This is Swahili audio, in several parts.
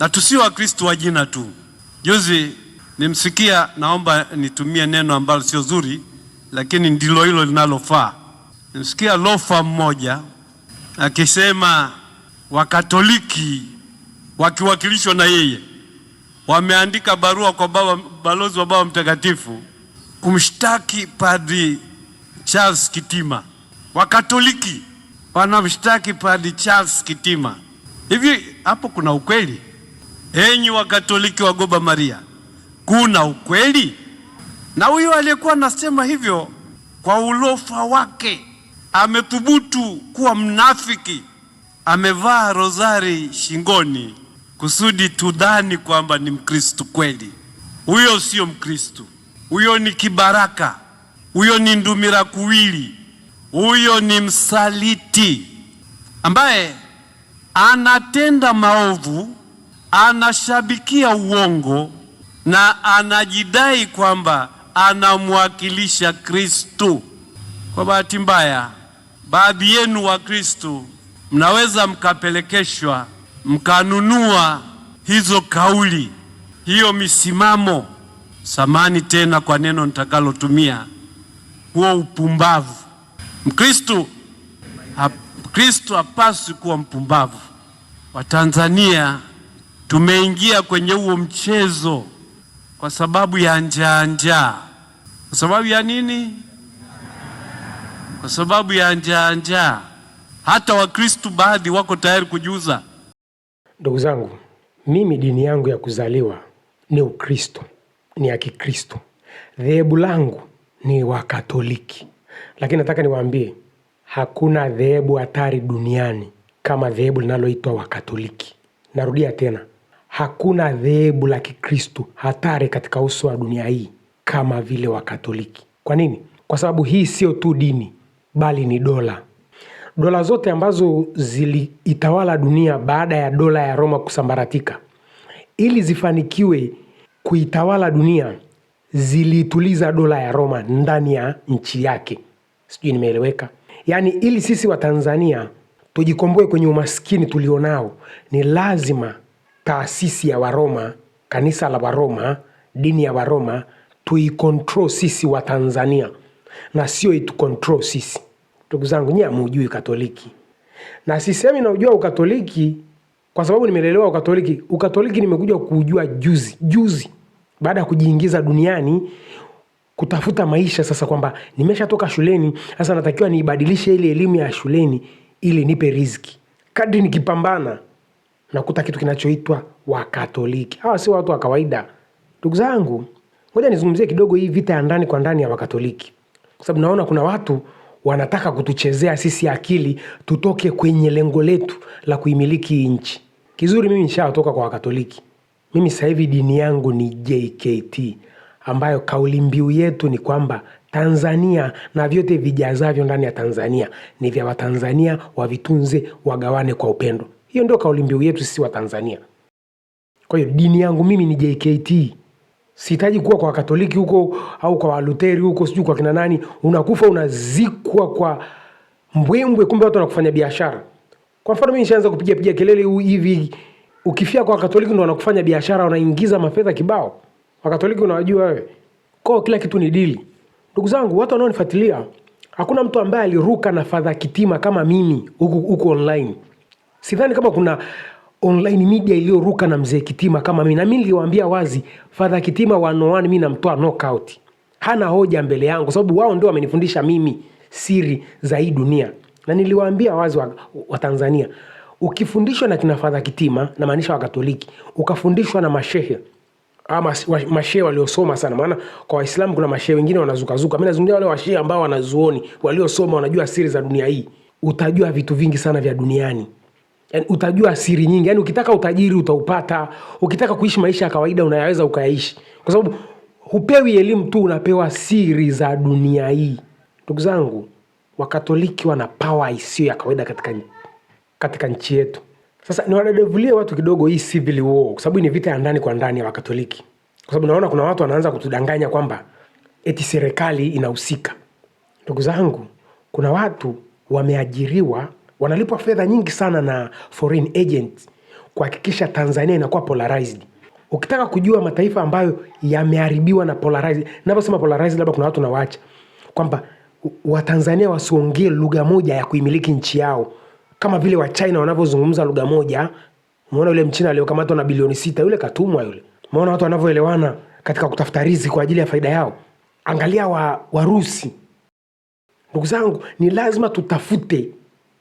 na tusio Wakristo wa jina tu. Juzi nimsikia, naomba nitumie neno ambalo sio zuri, lakini ndilo hilo linalofaa. Nimsikia lofa mmoja akisema Wakatoliki wakiwakilishwa na yeye wameandika barua kwa baba, balozi wa Baba Mtakatifu kumshtaki Padri Charles Kitima. Wakatoliki wanamshtaki Padri Charles Kitima. Hivi hapo kuna ukweli? Enyi Wakatoliki wa Goba Maria, kuna ukweli. Na huyo aliyekuwa anasema hivyo kwa ulofa wake amethubutu kuwa mnafiki, amevaa rozari shingoni kusudi tudhani kwamba ni Mkristu kweli. Huyo sio Mkristu, huyo ni kibaraka, huyo ni ndumira kuwili, huyo ni msaliti ambaye anatenda maovu anashabikia uongo na anajidai kwamba anamwakilisha Kristu. Kwa bahati mbaya, baadhi yenu wa Kristu mnaweza mkapelekeshwa mkanunua hizo kauli, hiyo misimamo, samani tena kwa neno nitakalotumia, huo upumbavu. Mkristu Kristu hapaswi kuwa mpumbavu. Watanzania Tumeingia kwenye huo mchezo kwa sababu ya njaa njaa. Kwa sababu ya nini? Kwa sababu ya njaa njaa. Hata Wakristo baadhi wako tayari kujiuza. Ndugu zangu, mimi dini yangu ya kuzaliwa ni Ukristo, ni ya Kikristo. Dhehebu langu ni Wakatoliki, lakini nataka niwaambie hakuna dhehebu hatari duniani kama dhehebu linaloitwa Wakatoliki. Narudia tena, Hakuna dhehebu la Kikristu hatari katika uso wa dunia hii kama vile Wakatoliki. Kwa nini? Kwa sababu hii sio tu dini, bali ni dola. Dola zote ambazo ziliitawala dunia baada ya dola ya Roma kusambaratika, ili zifanikiwe kuitawala dunia, zilituliza dola ya Roma ndani ya nchi yake. Sijui nimeeleweka? Yaani, ili sisi Watanzania tujikomboe kwenye umaskini tulionao, ni lazima taasisi ya Waroma, kanisa la Waroma, dini ya Waroma tuikontrol sisi wa Tanzania na sio itukontrol sisi. Ndugu zangu, nyie hamujui Katoliki na sisemi naujua Ukatoliki kwa sababu nimelelewa Ukatoliki. Ukatoliki nimekuja kuujua juzi juzi, baada ya kujiingiza duniani kutafuta maisha sasa, kwamba nimeshatoka shuleni sasa, natakiwa niibadilishe ile elimu ya shuleni ili nipe riziki. Kadri nikipambana mnakuta kitu kinachoitwa Wakatoliki. Hawa si watu wa kawaida, ndugu zangu. Ngoja nizungumzie kidogo hii vita ya ndani kwa ndani ya Wakatoliki, kwa sababu naona kuna watu wanataka kutuchezea sisi akili tutoke kwenye lengo letu la kuimiliki hii nchi. Kizuri, mimi nishatoka kwa Wakatoliki. Mimi sasa hivi dini yangu ni JKT ambayo kauli mbiu yetu ni kwamba Tanzania na vyote vijazavyo ndani ya Tanzania ni vya Watanzania, wavitunze, wagawane kwa upendo. Hiyo ndio kauli mbiu yetu sisi wa Tanzania. Kwa hiyo dini yangu mimi ni JKT. Sihitaji kuwa kwa Wakatoliki huko au kwa Waluteri huko sijui kwa kina nani. Unakufa unazikwa kwa mbwembwe, kumbe watu wanakufanya biashara. Kwa mfano mimi nishaanza kupiga piga kelele hivi, ukifia kwa Wakatoliki ndo wanakufanya biashara, wanaingiza mafedha kibao. Wakatoliki unawajua wewe. Kwa kila kitu ni dili. Ndugu zangu, watu wanaonifuatilia, hakuna mtu ambaye aliruka na Fadha Kitima kama mimi huku online. Sidhani kama kuna online media iliyoruka na mzee Kitima kama mimi. Na mimi niliwaambia wazi, Father Kitima 101 mimi namtoa knockout. Hana hoja mbele yangu sababu wao ndio wamenifundisha mimi siri za hii dunia. Na niliwaambia wazi wa, wa Tanzania, ukifundishwa na kina Father Kitima na maanisha wa Katoliki, ukafundishwa na mashehe ama wa, mashehe waliosoma sana, maana kwa Waislamu kuna mashehe wengine wanazukazuka. Mimi nazungumzia wale washehe ambao wanazuoni waliosoma, wanajua siri za dunia hii, utajua vitu vingi sana vya duniani yani utajua siri nyingi. Yani ukitaka utajiri utaupata, ukitaka kuishi maisha ya kawaida unayaweza ukayaishi, kwa sababu hupewi elimu tu, unapewa siri za dunia hii. Ndugu zangu, Wakatoliki wana pawa isiyo ya kawaida katika, katika nchi yetu. Sasa niwadadavulie watu kidogo hii civil war, kwa sababu ni vita ya ndani kwa ndani ya Wakatoliki, kwa sababu naona kuna watu wanaanza kutudanganya kwamba eti serikali inahusika. Ndugu zangu, kuna watu wameajiriwa wanalipwa fedha nyingi sana na foreign agent kuhakikisha Tanzania inakuwa polarized. Ukitaka kujua mataifa ambayo yameharibiwa na polarized, navyosema polarized, labda kuna watu nawaacha kwamba Watanzania wasiongee lugha moja ya kuimiliki nchi yao kama vile Wachina wanavyozungumza lugha moja. Umeona yule mchina aliyokamatwa na bilioni sita, yule katumwa yule. Umeona watu wanavyoelewana katika kutafuta rizi kwa ajili ya faida yao. Angalia wa Warusi. Ndugu zangu, ni lazima tutafute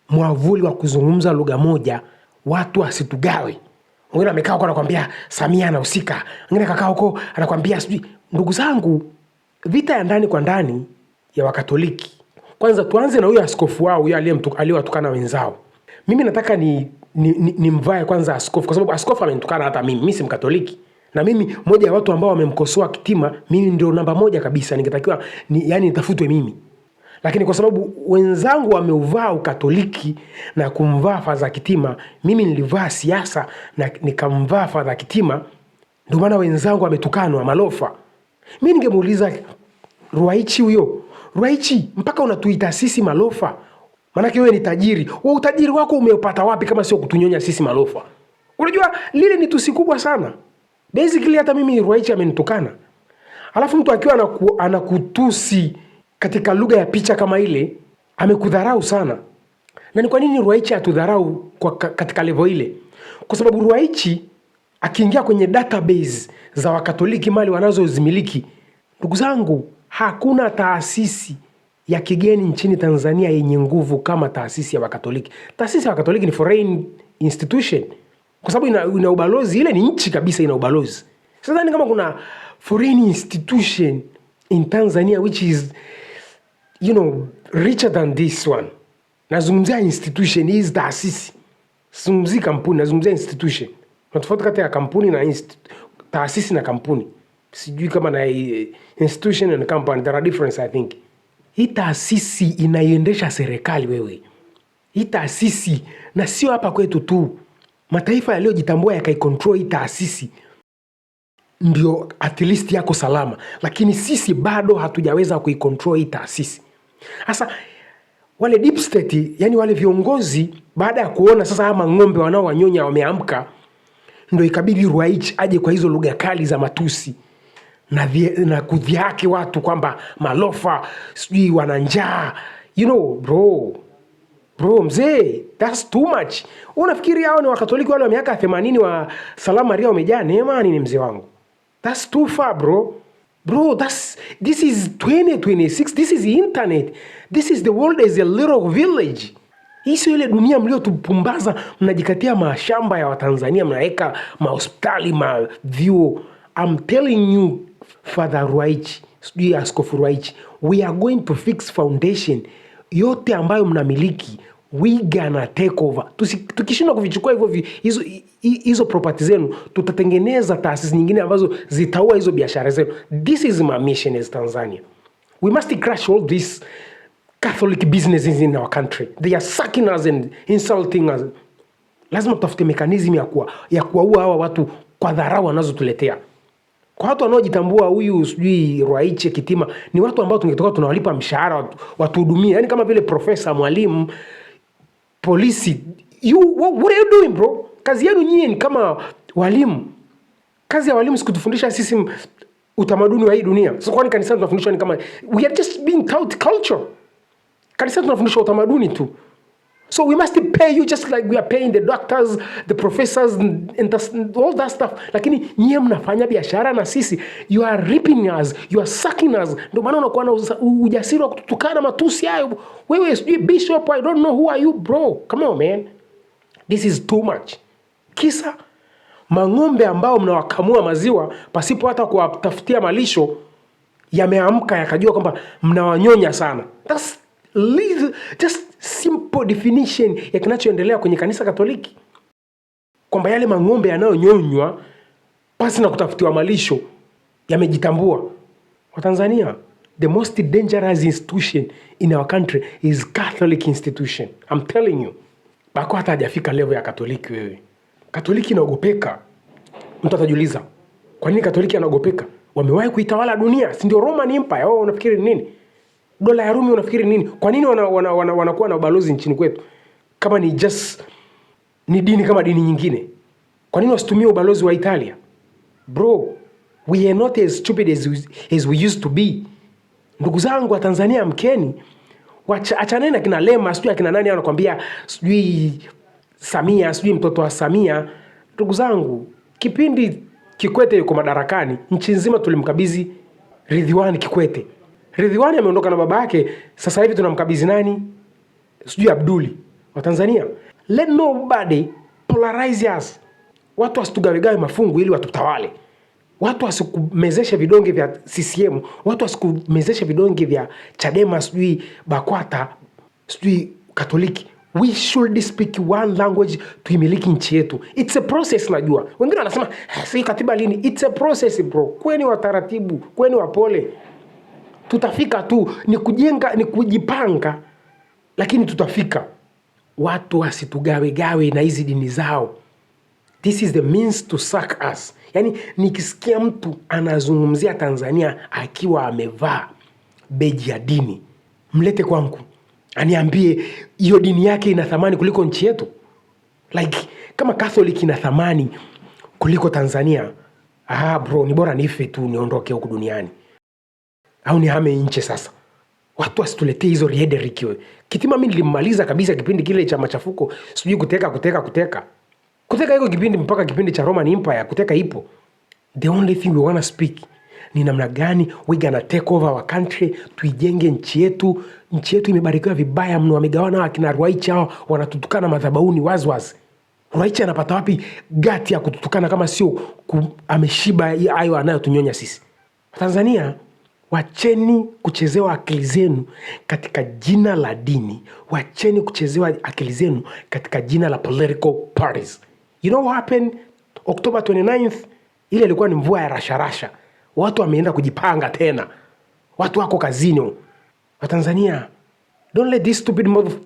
mwavuli wa kuzungumza lugha moja, watu wasitugawe. Wengine amekaa huko anakwambia Samia anahusika, wengine akakaa huko anakwambia sijui. Ndugu zangu, vita ya ndani kwa ndani ya Wakatoliki. Kwanza tuanze na huyo askofu wao huyo aliyewatukana wenzao. Mimi nataka ni nimvae ni, ni kwanza askofu kwa sababu askofu amenitukana hata mimi. Mimi si Mkatoliki na mimi moja ya watu ambao wamemkosoa Kitima, mimi ndio namba moja kabisa, ningetakiwa ni, yani nitafutwe mimi. Lakini kwa sababu wenzangu wameuvaa ukatoliki na kumvaa Fadha Kitima, mimi nilivaa siasa na nikamvaa Fadha Kitima, ndio maana wenzangu wametukanwa malofa. Mi ningemuuliza Ruwaichi huyo, Ruwaichi, mpaka unatuita sisi malofa? Maanake wewe ni tajiri, wa utajiri wako umeupata wapi kama sio kutunyonya sisi malofa? Unajua lile ni tusi kubwa sana. Basically hata mimi Ruwaichi amenitukana, alafu mtu akiwa anaku, anakutusi katika lugha ya picha kama ile, amekudharau sana. Na ni kwa nini Ruwaichi atudharau kwa katika levo ile? Kwa sababu Ruwaichi akiingia kwenye database za Wakatoliki mali wanazozimiliki, ndugu zangu, hakuna taasisi ya kigeni nchini Tanzania yenye nguvu kama taasisi ya Wakatoliki. Taasisi ya Wakatoliki ni foreign institution, kwa sababu ina, ina ubalozi. Ile ni nchi kabisa, ina ubalozi. Sidhani kama kuna foreign institution in Tanzania which is you know, richer than this one. Nazungumzia institution hizi taasisi, sizungumzii kampuni, nazungumzia institution. Kuna tofauti kati ya kampuni na taasisi na kampuni, sijui kama na eh, institution and company, there are difference I think. Hii taasisi inaiendesha serikali wewe, hii taasisi na sio hapa kwetu tu, mataifa yaliyojitambua yakaikontrol hii taasisi ndio at least yako salama, lakini sisi bado hatujaweza kuikontrol hii taasisi. Sasa wale deep state, yani wale viongozi baada ya kuona sasa ama ng'ombe wanaowanyonya wameamka, ndio ikabidi Ruwa'ichi aje kwa hizo lugha kali za matusi na, vye, na kudhihaki watu kwamba malofa sijui wana njaa you know, bro bro mzee, that's too much. Unafikiri hao ni wakatoliki wale wa miaka 80 wa Salamu Maria wamejaa neema nini mzee wangu? That's too far bro bro that's this is 2026 this is internet this is the world is a little village hii sio ile dunia mliotupumbaza mnajikatia mashamba ya watanzania mnaweka mahospitali mavyuo I'm telling you father ruaichi sijui askofu ruaichi we are going to fix foundation yote ambayo mnamiliki we gonna take over. Tukishindwa kuvichukua hivyo hizo hizo property zenu, tutatengeneza taasisi nyingine ambazo zitaua hizo biashara zenu. This is my mission as Tanzania. We must crush all these Catholic businesses in our country. They are sucking us and insulting us. Lazima tutafute mekanizmu ya kuwa ya kuwaua hawa watu kwa dharau wanazotuletea. Kwa watu wanaojitambua, huyu sijui Ruwaiche Kitima ni watu ambao tungetoka tunawalipa mshahara watuhudumie, watu yaani kama vile profesa, mwalimu polisi. You, what are you doing bro? Kazi yenu nyinyi ni kama walimu. Kazi ya walimu sikutufundisha sisi utamaduni wa hii dunia. So kwani kanisani tunafundishwa ni kama we are just being taught culture. Kanisani tunafundishwa utamaduni tu. So we must pay you just like we are paying the doctors, the professors and, and all that stuff. Lakini nyie mnafanya biashara na sisi. You are ripping us, you are sucking us. Ndio maana unakuwa na ujasiri wa kututukana matusi hayo. Wewe sijui bishop, I don't know who are you bro. Come on man. This is too much. Kisa mang'ombe ambao mnawakamua maziwa pasipo hata kuwatafutia malisho yameamka yakajua kwamba mnawanyonya sana. That's, just simple definition ya kinachoendelea kwenye kanisa Katoliki, kwamba yale mang'ombe yanayonyonywa pasi na kutafutiwa malisho yamejitambua. Watanzania, the most dangerous institution in our country is Catholic institution. I'm telling you, bako hata hajafika level ya Katoliki. Wewe Katoliki inaogopeka. Mtu atajiuliza kwa nini Katoliki anaogopeka? Wamewahi kuitawala dunia, si ndio Roman Empire? Wao oh, unafikiri nini? dola ya Rumi unafikiri nini? Kwa nini wanakuwa wana, wana, wana na ubalozi nchini kwetu kama ni just ni dini kama dini nyingine? Kwa nini wasitumie ubalozi wa Italia? Bro, we are not as stupid as we, as we used to be. Ndugu zangu wa Tanzania, mkeni achaneni na kina Lema sijui akina nani anakwambia sijui Samia sijui mtoto wa Samia. Ndugu zangu, kipindi Kikwete yuko madarakani, nchi nzima tulimkabidhi Ridhiwani Kikwete. Ridhiwani ameondoka na baba yake, sasa hivi tunamkabidhi nani? Sijui Abduli wa Tanzania. Let nobody polarize us. Watu wasitugawegawe mafungu ili watutawale. Watu wasikumezeshe vidonge vya CCM, watu wasikumezeshe vidonge vya Chadema, sijui Bakwata, sijui Katoliki. We should speak one language, tuimiliki nchi yetu. It's a process. Najua wengine wanasema ah, si katiba lini? It's a process bro, kweni wataratibu, kweni wapole tutafika tu, ni kujenga, ni kujipanga, lakini tutafika. Watu gawe na hizi dini zao. This is the means to suck us. Yani, nikisikia mtu anazungumzia Tanzania akiwa amevaa beji ya dini, mlete kwangu aniambie hiyo dini yake ina thamani kuliko nchi yetu. Like kama Catholic ina thamani kuliko Tanzania, ah bro, ni bora nife tu niondoke huku duniani au ni hame nche sasa watu wasituletee hizo Riederik we. Kitima mi nilimaliza kabisa kipindi kile cha machafuko, sijui kuteka kuteka kuteka kuteka iko kipindi mpaka kipindi cha Roman Empire kuteka ipo. The only thing we wanna speak ni namna gani we gonna take over our country, tuijenge nchi yetu. Nchi yetu imebarikiwa vibaya mno, wamegawana wakina Ruaicha hao wanatutukana madhabauni waziwazi. Ruaicha anapata wapi gati ya kututukana kama sio ameshiba hayo anayotunyonya sisi Tanzania? Wacheni kuchezewa akili zenu katika jina la dini. Wacheni kuchezewa akili zenu katika jina la political parties. You know what happened October 29th? Ile ilikuwa ni mvua ya rasharasha rasha. Watu wameenda kujipanga tena, watu wako kazini. Watanzania, don't let this stupid mouth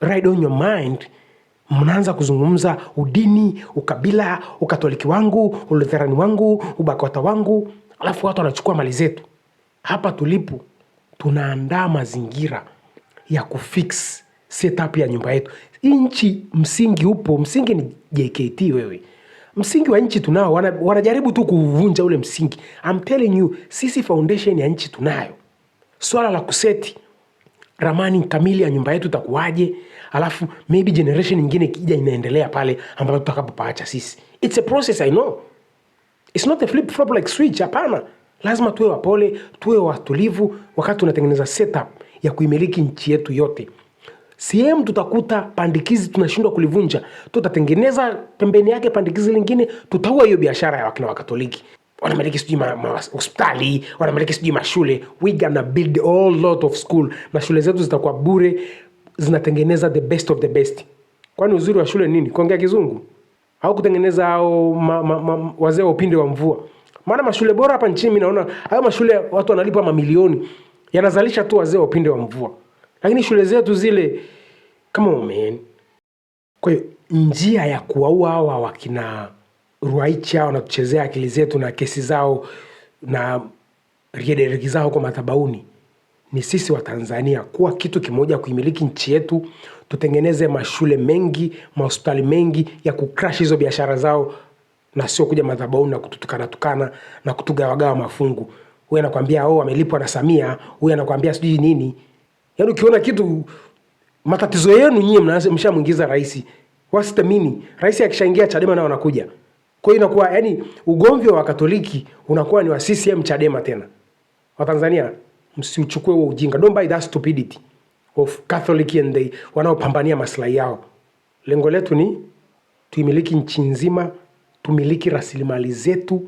ride on your mind. Mnaanza kuzungumza udini, ukabila, ukatoliki wangu, ulutherani wangu, ubakota wangu, alafu watu wanachukua mali zetu hapa tulipo tunaandaa mazingira ya kufix setup ya nyumba yetu. Nchi msingi upo, msingi ni JKT wewe. Msingi wa nchi tunao, wanajaribu tu kuvunja ule msingi. I'm telling you, sisi foundation ya nchi tunayo. Swala la kuseti ramani kamili ya nyumba yetu itakuwaje, alafu maybe generation nyingine ikija inaendelea pale ambayo tutakapopaacha sisi. It's a process I know. It's not a flip flop like switch, hapana. Lazima tuwe wapole, tuwe watulivu wakati tunatengeneza setup ya kuimiliki nchi yetu yote. Sehemu tutakuta pandikizi tunashindwa kulivunja, tutatengeneza pembeni yake pandikizi lingine, tutaua hiyo biashara ya wakina Wakatoliki wanamiliki sijui hospitali, wanamiliki sijui mashule. We gonna build a lot of school, na shule zetu zitakuwa bure, zinatengeneza the best of the best. Kwani uzuri wa shule nini? Kuongea kizungu au kutengeneza wazee wa upinde wa mvua. Maana mashule bora hapa nchini mimi naona hayo mashule watu wanalipa mamilioni, yanazalisha tu wazee wapinde upinde wa mvua, lakini shule zetu zile kama umeen. Kwa hiyo njia ya kuwaua hawa wakina Ruaichi hao wanatuchezea akili zetu na kesi zao na riederiki zao kwa matabauni ni sisi wa Tanzania kuwa kitu kimoja, kuimiliki nchi yetu, tutengeneze mashule mengi, mahospitali mengi ya kukrash hizo biashara zao na sio kuja madhabahuni na kututukana tukana na kutugawagawa mafungu. Huyu anakwambia oh, amelipwa na Samia, huyu anakwambia sijui nini. Yaani ukiona kitu matatizo yenu nyinyi mshamwingiza rais. Wasitamini. Rais akishaingia Chadema nao wanakuja. Kwa hiyo inakuwa yani ugomvi wa Katoliki unakuwa ni wa CCM Chadema tena. Watanzania msiuchukue huo ujinga. Don't buy that stupidity of Catholic and they wanaopambania maslahi yao. Lengo letu ni tuimiliki nchi nzima tumiliki rasilimali zetu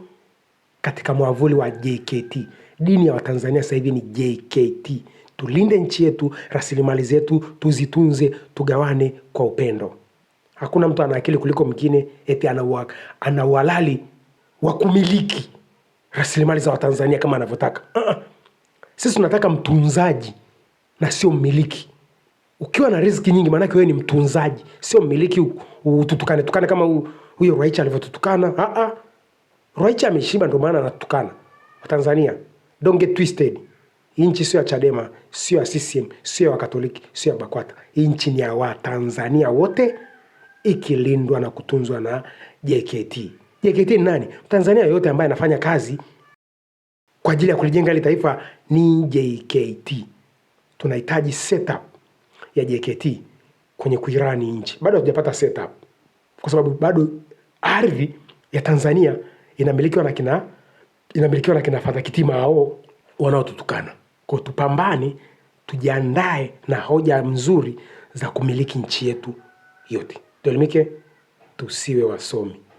katika mwavuli wa JKT. Dini ya Watanzania sasa hivi ni JKT. Tulinde nchi yetu, rasilimali zetu tuzitunze, tugawane kwa upendo. Hakuna mtu ana akili kuliko mwingine, eti ana uhalali wa kumiliki rasilimali za Watanzania kama anavyotaka. Uh -uh. Sisi tunataka mtunzaji na sio mmiliki. Ukiwa na riziki nyingi, maanake wewe ni mtunzaji, sio mmiliki ututukane tukane kama u, huyo Raicha alivyotutukana. Ah ah. Raicha ameshiba ndio maana anatukana. Watanzania, don't get twisted. Hii nchi sio ya Chadema, sio ya CCM, sio ya Katoliki, sio ya Bakwata. Hii nchi ni ya Watanzania wote ikilindwa na kutunzwa na JKT. JKT ni nani? Mtanzania yote ambaye anafanya kazi kwa ajili ya kulijenga hili taifa ni JKT. Tunahitaji setup ya JKT kwenye kuirani nchi. Bado hatujapata setup kwa sababu bado ardhi ya Tanzania inamilikiwa na kina inamilikiwa na kina Fadha Kitima hao wanaotutukana. Kwa tupambane, tujiandae na hoja nzuri za kumiliki nchi yetu yote. Tuelimike, tusiwe wasomi.